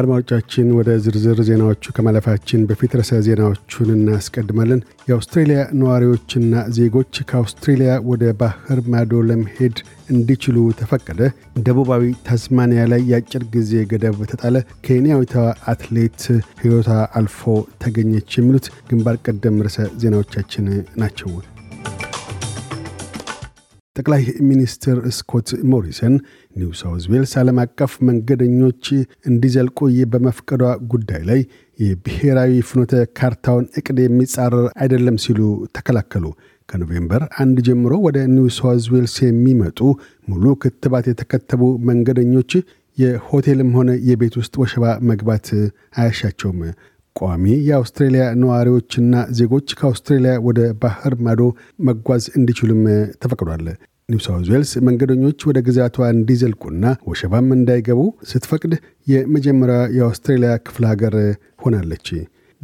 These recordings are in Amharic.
አድማጮቻችን ወደ ዝርዝር ዜናዎቹ ከማለፋችን በፊት ርዕሰ ዜናዎቹን እናስቀድማለን። የአውስትሬልያ ነዋሪዎችና ዜጎች ከአውስትሬልያ ወደ ባህር ማዶ ለመሄድ እንዲችሉ ተፈቀደ፣ ደቡባዊ ታዝማኒያ ላይ የአጭር ጊዜ ገደብ ተጣለ፣ ኬንያዊቷ አትሌት ህይወቷ አልፎ ተገኘች የሚሉት ግንባር ቀደም ርዕሰ ዜናዎቻችን ናቸው። ጠቅላይ ሚኒስትር ስኮት ሞሪሰን ኒው ሳውዝ ዌልስ ዓለም አቀፍ መንገደኞች እንዲዘልቁ በመፍቀዷ ጉዳይ ላይ የብሔራዊ ፍኖተ ካርታውን እቅድ የሚጻረር አይደለም ሲሉ ተከላከሉ። ከኖቬምበር አንድ ጀምሮ ወደ ኒው ሳውዝ ዌልስ የሚመጡ ሙሉ ክትባት የተከተቡ መንገደኞች የሆቴልም ሆነ የቤት ውስጥ ወሸባ መግባት አያሻቸውም። ቋሚ የአውስትሬሊያ ነዋሪዎችና ዜጎች ከአውስትሬሊያ ወደ ባህር ማዶ መጓዝ እንዲችሉም ተፈቅዷል። ኒው ዌልስ መንገደኞች ወደ ግዛቷ እንዲዘልቁና ወሸባም እንዳይገቡ ስትፈቅድ የመጀመሪያ የአውስትሬሊያ ክፍለ ሀገር ሆናለች።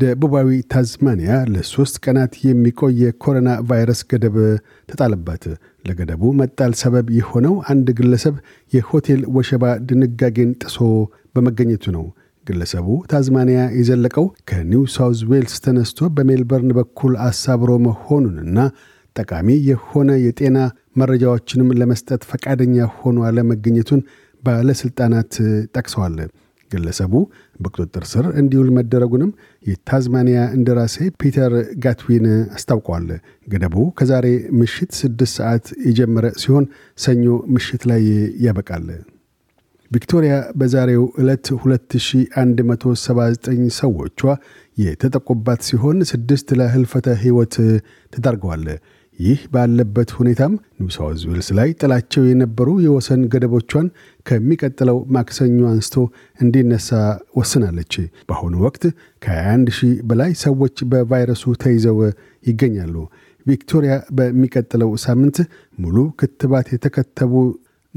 ደቡባዊ ታዝማኒያ ለሶስት ቀናት የሚቆይ የኮሮና ቫይረስ ገደብ ተጣለባት። ለገደቡ መጣል ሰበብ የሆነው አንድ ግለሰብ የሆቴል ወሸባ ድንጋጌን ጥሶ በመገኘቱ ነው። ግለሰቡ ታዝማኒያ የዘለቀው ከኒው ሳውዝ ዌልስ ተነስቶ በሜልበርን በኩል አሳብሮ መሆኑንና ጠቃሚ የሆነ የጤና መረጃዎችንም ለመስጠት ፈቃደኛ ሆኖ አለመገኘቱን ባለሥልጣናት ጠቅሰዋል። ግለሰቡ በቁጥጥር ስር እንዲውል መደረጉንም የታዝማኒያ እንደራሴ ፒተር ጋትዊን አስታውቋል ገደቡ ከዛሬ ምሽት ስድስት ሰዓት የጀመረ ሲሆን ሰኞ ምሽት ላይ ያበቃል። ቪክቶሪያ በዛሬው ዕለት 2179 ሰዎቿ የተጠቁባት ሲሆን ስድስት ለህልፈተ ሕይወት ተዳርገዋል። ይህ ባለበት ሁኔታም ኒውሳውዝ ሳውዝ ዌልስ ላይ ጥላቸው የነበሩ የወሰን ገደቦቿን ከሚቀጥለው ማክሰኞ አንስቶ እንዲነሳ ወስናለች። በአሁኑ ወቅት ከ21 ሺህ በላይ ሰዎች በቫይረሱ ተይዘው ይገኛሉ። ቪክቶሪያ በሚቀጥለው ሳምንት ሙሉ ክትባት የተከተቡ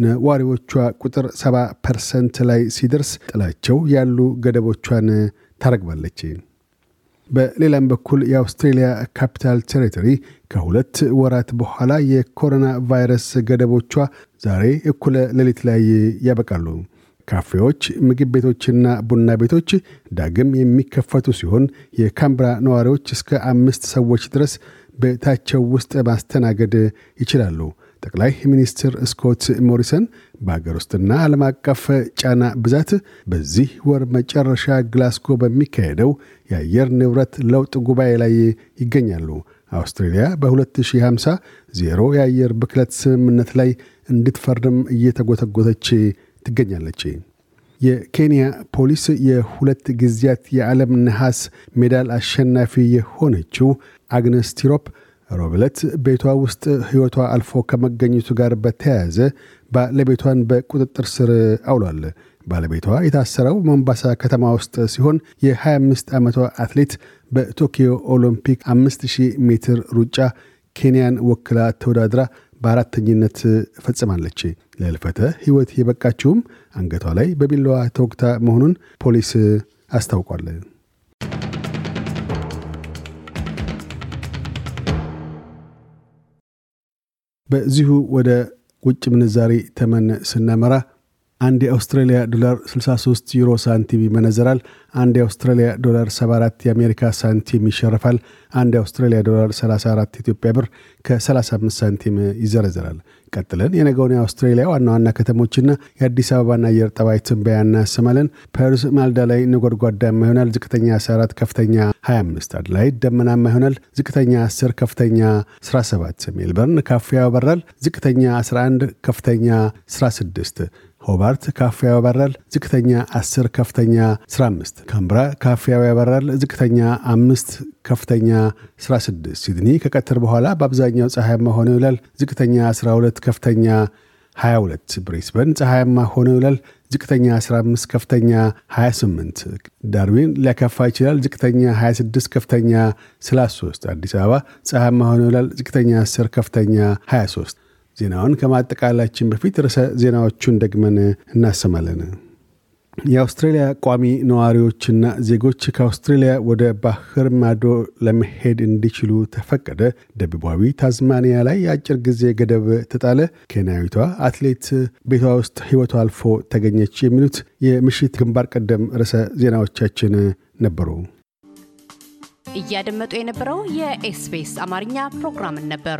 ነዋሪዎቿ ቁጥር 70 ፐርሰንት ላይ ሲደርስ ጥላቸው ያሉ ገደቦቿን ታረግባለች። በሌላም በኩል የአውስትሬልያ ካፒታል ቴሪቶሪ ከሁለት ወራት በኋላ የኮሮና ቫይረስ ገደቦቿ ዛሬ እኩለ ሌሊት ላይ ያበቃሉ። ካፌዎች፣ ምግብ ቤቶችና ቡና ቤቶች ዳግም የሚከፈቱ ሲሆን የካምብራ ነዋሪዎች እስከ አምስት ሰዎች ድረስ ቤታቸው ውስጥ ማስተናገድ ይችላሉ። ጠቅላይ ሚኒስትር ስኮት ሞሪሰን በሀገር ውስጥና ዓለም አቀፍ ጫና ብዛት በዚህ ወር መጨረሻ ግላስጎ በሚካሄደው የአየር ንብረት ለውጥ ጉባኤ ላይ ይገኛሉ። አውስትሬልያ በ2050 ዜሮ የአየር ብክለት ስምምነት ላይ እንድትፈርም እየተጎተጎተች ትገኛለች። የኬንያ ፖሊስ የሁለት ጊዜያት የዓለም ነሐስ ሜዳል አሸናፊ የሆነችው አግነስ ቲሮፕ ሮብለት ቤቷ ውስጥ ሕይወቷ አልፎ ከመገኘቱ ጋር በተያያዘ ባለቤቷን በቁጥጥር ስር አውሏል። ባለቤቷ የታሰረው ሞምባሳ ከተማ ውስጥ ሲሆን የ25 ዓመቷ አትሌት በቶኪዮ ኦሎምፒክ 5000 ሜትር ሩጫ ኬንያን ወክላ ተወዳድራ በአራተኝነት ፈጽማለች። ለልፈተ ሕይወት የበቃችውም አንገቷ ላይ በቢላዋ ተወግታ መሆኑን ፖሊስ አስታውቋል። በዚሁ ወደ ውጭ ምንዛሬ ተመን ስናመራ አንድ የአውስትራሊያ ዶላር 63 ዩሮ ሳንቲም ይመነዘራል። አንድ የአውስትራሊያ ዶላር 74 የአሜሪካ ሳንቲም ይሸርፋል። አንድ የአውስትራሊያ ዶላር 34 ኢትዮጵያ ብር ከ35 ሳንቲም ይዘረዘራል። ቀጥለን የነገውን የአውስትራሊያ ዋና ዋና ከተሞችና የአዲስ አበባን አየር ጠባይ ትንበያ እናሰማለን። ፐርስ ማልዳ ላይ ነጎድጓዳማ ይሆናል። ዝቅተኛ 14፣ ከፍተኛ 25። አድላይድ ደመናማ ይሆናል። ዝቅተኛ 10፣ ከፍተኛ 17። ሜልበርን ካፊያ ያበራል። ዝቅተኛ 11፣ ከፍተኛ 16 ሆባርት ካፊያው ያበራል ዝቅተኛ 10 ከፍተኛ 15 ካምብራ ካፊያው ያበራል ዝቅተኛ 5 ከፍተኛ 16 ሲድኒ ከቀትር በኋላ በአብዛኛው ፀሐያማ ሆነ ይውላል ዝቅተኛ 12 ከፍተኛ 22 ብሪስበን ፀሐያማ ሆነ ይውላል ዝቅተኛ 15 ከፍተኛ 28 ዳርዊን ሊያከፋ ይችላል ዝቅተኛ 26 ከፍተኛ 33 አዲስ አበባ ፀሐያማ ሆነ ይውላል ዝቅተኛ 10 ከፍተኛ 23 ዜናውን ከማጠቃላችን በፊት ርዕሰ ዜናዎቹን ደግመን እናሰማለን። የአውስትሬልያ ቋሚ ነዋሪዎችና ዜጎች ከአውስትሬልያ ወደ ባህር ማዶ ለመሄድ እንዲችሉ ተፈቀደ። ደቡባዊ ታዝማኒያ ላይ የአጭር ጊዜ ገደብ ተጣለ። ኬንያዊቷ አትሌት ቤቷ ውስጥ ህይወቷ አልፎ ተገኘች። የሚሉት የምሽት ግንባር ቀደም ርዕሰ ዜናዎቻችን ነበሩ። እያደመጡ የነበረው የኤስፔስ አማርኛ ፕሮግራምን ነበር።